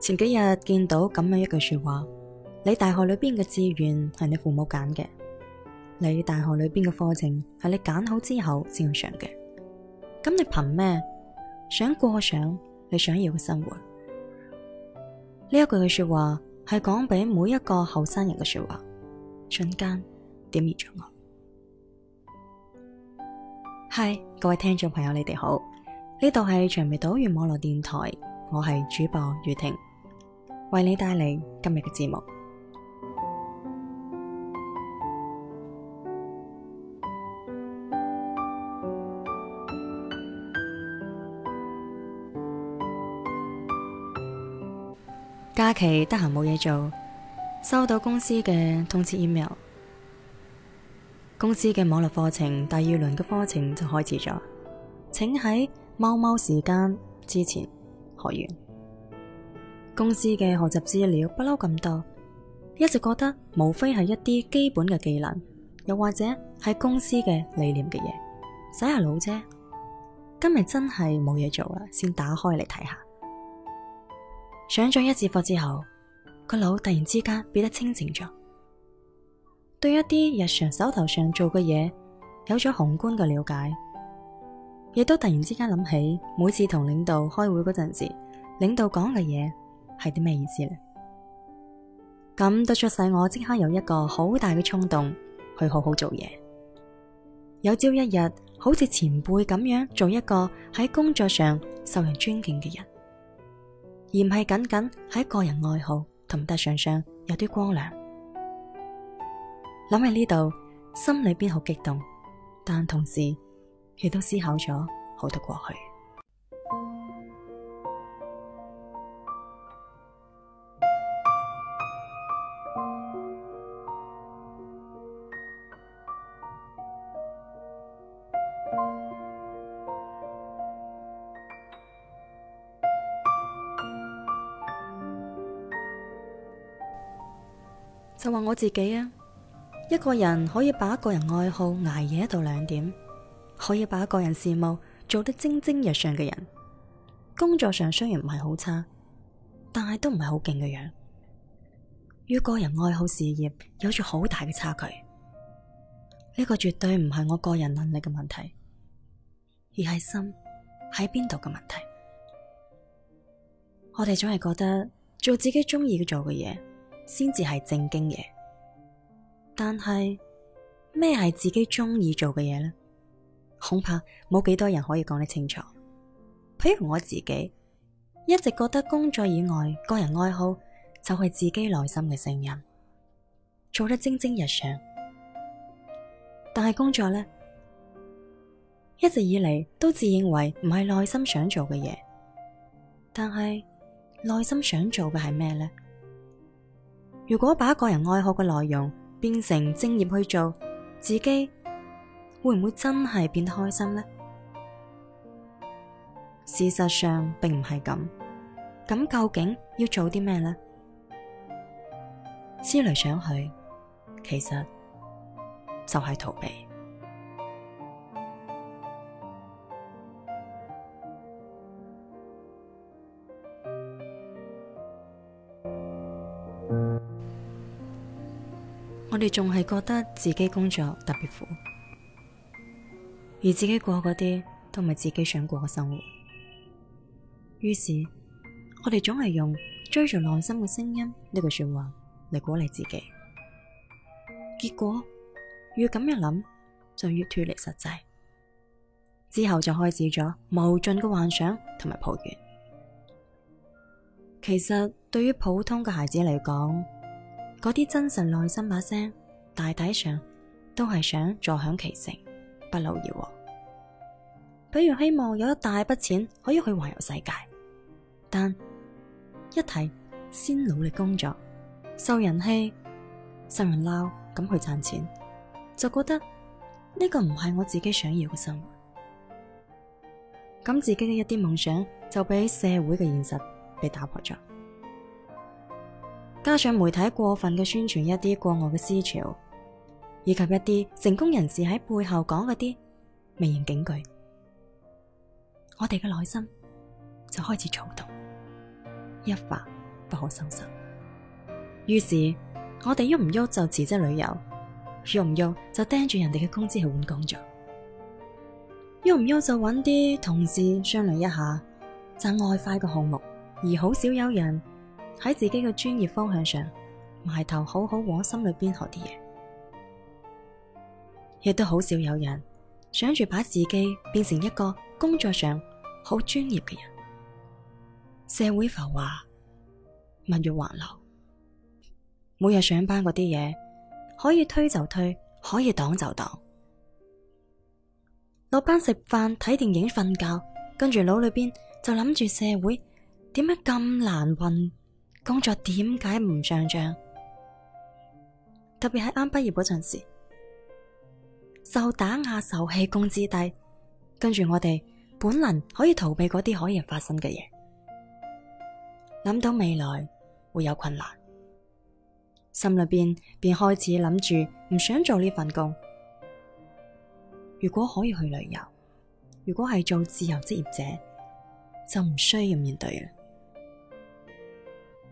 前幾日見到咁樣一句說話，你大學裏邊嘅志願係你父母揀嘅，你大學裏邊嘅課程係你揀好之後先去上嘅。咁你憑咩想過上你想要嘅生活？呢一句嘅說話係講俾每一個後生人嘅說話，瞬間點燃咗我。嗨各位聽眾朋友，你哋好，呢度係長尾島粵網絡電台，我係主播宇婷。為你帶嚟今日嘅節目。假期得閒冇嘢做，收到公司嘅通知 email，公司嘅網絡課程第二輪嘅課程就開始咗，請喺貓貓時間之前學完。公司嘅學習資料不嬲咁多，一直覺得無非係一啲基本嘅技能，又或者係公司嘅理念嘅嘢，洗下腦啫。今日真係冇嘢做啦，先打開嚟睇下。上咗一節課之後，個腦突然之間變得清醒咗，對一啲日常手頭上做嘅嘢有咗宏觀嘅了解，亦都突然之間諗起每次同領導開會嗰陣時，領導講嘅嘢。係啲咩意思咧？咁都促使我即刻有一個好大嘅衝動，去好好做嘢，有朝一日好似前輩咁樣，做一個喺工作上受人尊敬嘅人，而唔係僅僅喺個人愛好同特長上有啲光亮。諗起呢度，心裏邊好激動，但同時亦都思考咗好多過去。就話我自己啊，一個人可以把個人愛好捱夜到兩點，可以把個人事務做得蒸蒸日上嘅人，工作上雖然唔係好差，但係都唔係好勁嘅樣，與個人愛好事業有住好大嘅差距。呢個絕對唔係我個人能力嘅問題，而係心喺邊度嘅問題。我哋總係覺得做自己中意嘅做嘅嘢，先至係正經嘢，但係咩係自己中意做嘅嘢呢？恐怕冇幾多人可以講得清楚。譬如我自己，一直覺得工作以外，個人愛好就係、是、自己內心嘅聲音，做得蒸蒸日上。但係工作呢，一直以嚟都自認為唔係內心想做嘅嘢。但係內心想做嘅係咩呢？如果把個人愛好嘅內容變成職業去做，自己會唔會真係變得開心呢？事實上並唔係咁。咁究竟要做啲咩呢？思來想去，其實就係逃避。我哋仲係覺得自己工作特別苦，而自己過嗰啲都唔係自己想過嘅生活。於是，我哋總係用追著內心嘅聲音呢句、這個、說話嚟鼓勵自己。結果越咁樣諗，就越脫離實際。之後就開始咗無盡嘅幻想同埋抱怨。其實對於普通嘅孩子嚟講，嗰啲真實內心把聲，大體上都係想坐享其成，不勞而獲。比如希望有一大筆錢可以去環遊世界，但一睇先努力工作、受人欺、受人鬧、咁去賺錢，就覺得呢個唔係我自己想要嘅生活。咁自己嘅一啲夢想就俾社會嘅現實被打破咗。加上媒體過分嘅宣傳一啲國外嘅思潮，以及一啲成功人士喺背後講嘅啲名言警句，我哋嘅內心就開始躁動，一發不可收拾。於是我哋喐唔喐就辭職旅遊，喐唔喐就盯住人哋嘅工資去換工作，喐唔喐就揾啲同事商量一下賺外快嘅項目，而好少有人。喺自己嘅專業方向上埋頭好好往心裏邊學啲嘢，亦都好少有人想住把自己變成一個工作上好專業嘅人。社會浮華，物欲橫流，每日上班嗰啲嘢可以推就推，可以擋就擋。落班食飯睇電影瞓覺，跟住腦裏邊就諗住社會點解咁難混。工作點解唔上漲？特別係啱畢業嗰陣時，受打壓、受氣、工資低，跟住我哋本能可以逃避嗰啲可以發生嘅嘢。諗到未來會有困難，心裏邊便開始諗住唔想做呢份工。如果可以去旅遊，如果係做自由職業者，就唔需要面對啦。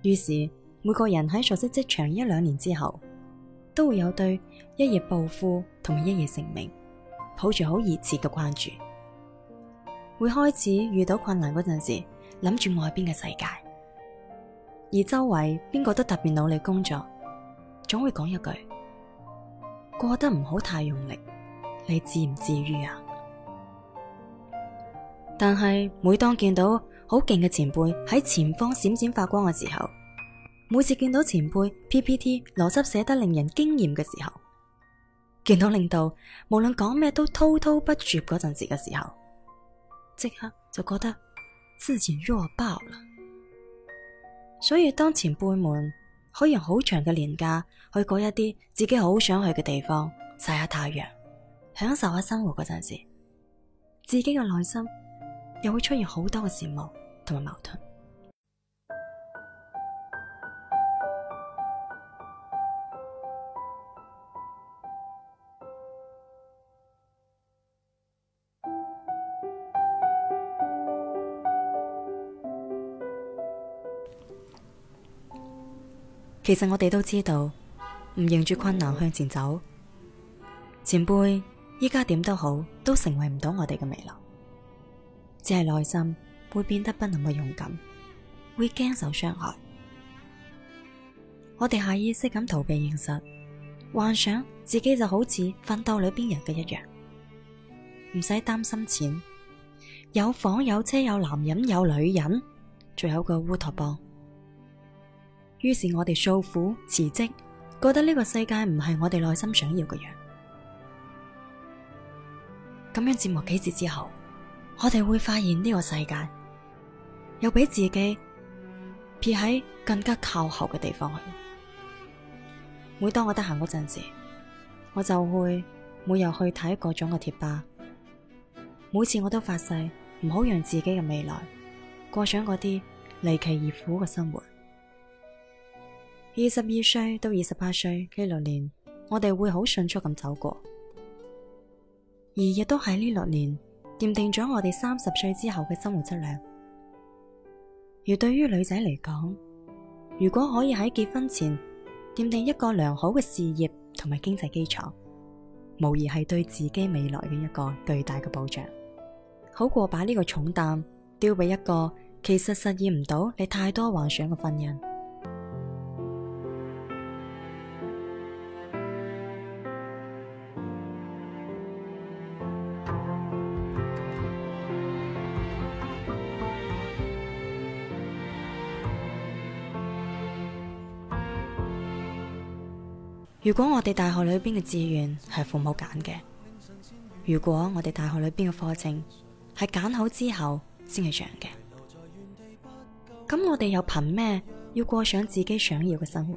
於是，每個人喺熟悉職場一兩年之後，都會有對一夜暴富同埋一夜成名抱住好熱切嘅關注，會開始遇到困難嗰陣時，諗住外邊嘅世界，而周圍邊個都特別努力工作，總會講一句：過得唔好太用力，你至唔至於啊？但係每當見到，好勁嘅前輩喺前方閃閃發光嘅時候，每次見到前輩 PPT 邏輯寫得令人驚艷嘅時候，見到領導無論講咩都滔滔不絕嗰陣時嘅時候，即刻就覺得之前弱爆啦。所以當前輩們可以用好長嘅年假去過一啲自己好想去嘅地方曬下太陽，享受下生活嗰陣時，自己嘅內心。又會出現好多嘅羨慕同埋矛盾。其實我哋都知道，唔迎住困難向前走，前輩依家點都好，都成為唔到我哋嘅未來。只係內心會變得不那麼勇敢，會驚受傷害。我哋下意識咁逃避現實，幻想自己就好似奮鬥裏邊人嘅一樣，唔使擔心錢，有房有車有男人有女人，仲有個烏托邦。於是我哋訴苦辭職，覺得呢個世界唔係我哋內心想要嘅樣。咁樣折磨幾日之後。我哋會發現呢個世界又俾自己撇喺更加靠後嘅地方去。每當我得閒嗰陣時，我就會每日去睇各種嘅貼吧。每次我都發誓唔好讓自己嘅未來過上嗰啲離奇而苦嘅生活。二十二歲到二十八歲呢六年，我哋會好迅速咁走過，而亦都喺呢六年，奠定咗我哋三十歲之後嘅生活質量。而對於女仔嚟講，如果可以喺結婚前奠定一個良好嘅事業同埋經濟基礎，無疑係對自己未來嘅一個最大嘅保障，好過把呢個重擔丟俾一個其實實現唔到你太多幻想嘅婚姻。如果我哋大學裏邊嘅志願係父母揀嘅，如果我哋大學裏邊嘅課程係揀好之後先係上嘅，咁我哋又憑咩要過上自己想要嘅生活？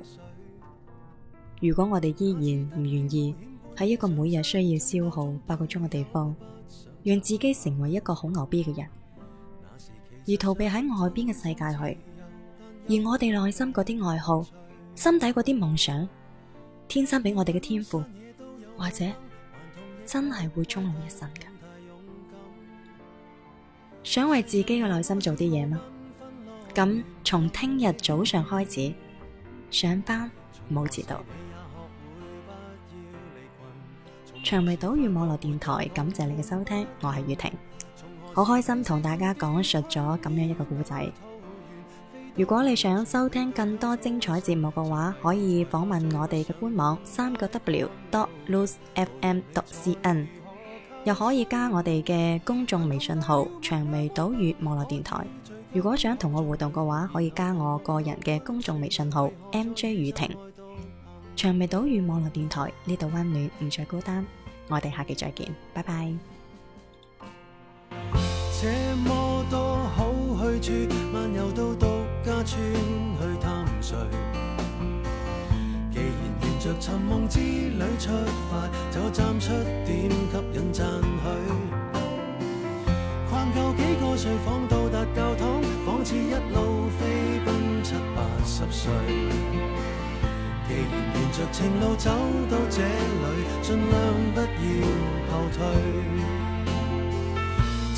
如果我哋依然唔願意喺一個每日需要消耗八個鐘嘅地方，讓自己成為一個好牛逼嘅人，而逃避喺外邊嘅世界去，而我哋內心嗰啲愛好、心底嗰啲夢想。天生俾我哋嘅天賦，或者真係會終老一生噶。想為自己嘅內心做啲嘢嗎？咁從聽日早上開始上班，冇遲到。長尾島嶼網絡電台，感謝你嘅收聽，我係雨婷，好開心同大家講述咗咁樣一個故仔。如果你想收聽更多精彩節目嘅話，可以訪問我哋嘅官網三個 W dot lose fm dot cn，又可以加我哋嘅公眾微信號“長眉島語網絡電台”。如果想同我互動嘅話，可以加我個人嘅公眾微信號 “NJ 宇婷”。長眉島語網絡電台呢度溫暖，唔再孤單。我哋下期再見，拜拜。這家村去探誰？既然沿著尋夢之旅出發，就站出點吸引讚許。逛夠幾個睡房，到達教堂，仿似一路飛奔七八十歲。既然沿著情路走到這裏，儘量不要後退。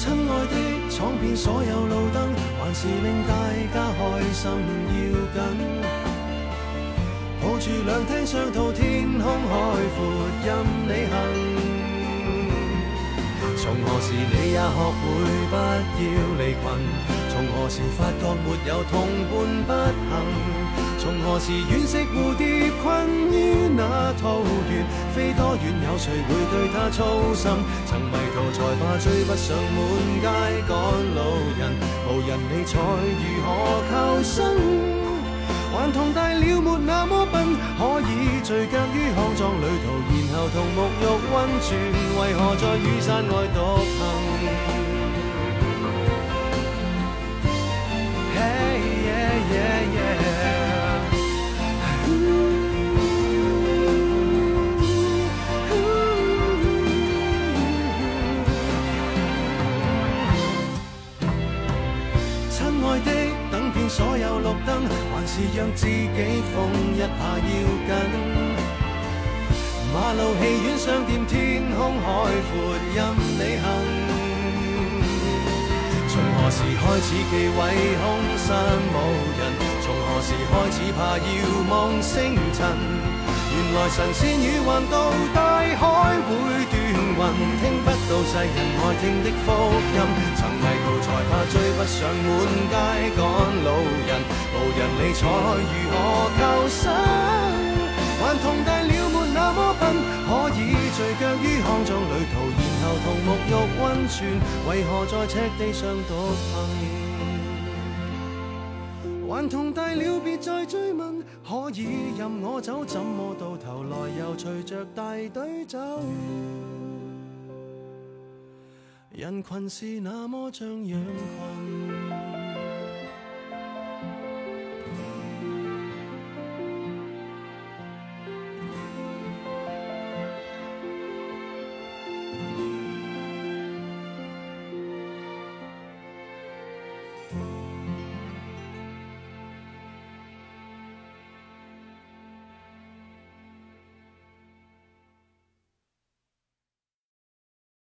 親愛的，闖遍所有路燈，還是令大家開心要緊。抱住兩聽雙套，天空海闊，任你行。從何時你也學會不要離群？從何時發覺沒有同伴不行？從何時惋惜蝴蝶？困於那桃源，飛多遠有誰會對他操心？曾迷途才怕追不上滿街趕路人，無人理睬如何求生？頑童大了沒那麼笨，可以聚腳於康莊旅途，然後同沐浴溫泉，為何在雨傘外獨行？天空海闊任你行，從何時開始忌諱空山無人？從何時開始怕遙望星辰？原來神仙魚橫渡大海會斷魂，聽不到世人愛聽的福音。曾迷途才怕追不上滿街趕路人，無人理睬如何求生？頑童大了沒那麼笨，可以。旅途，然後同沐浴溫泉，為何在赤地上獨行？頑童大了別再追問，可以任我走，怎麼到頭來又隨着大隊走？人群是那麼像羊群。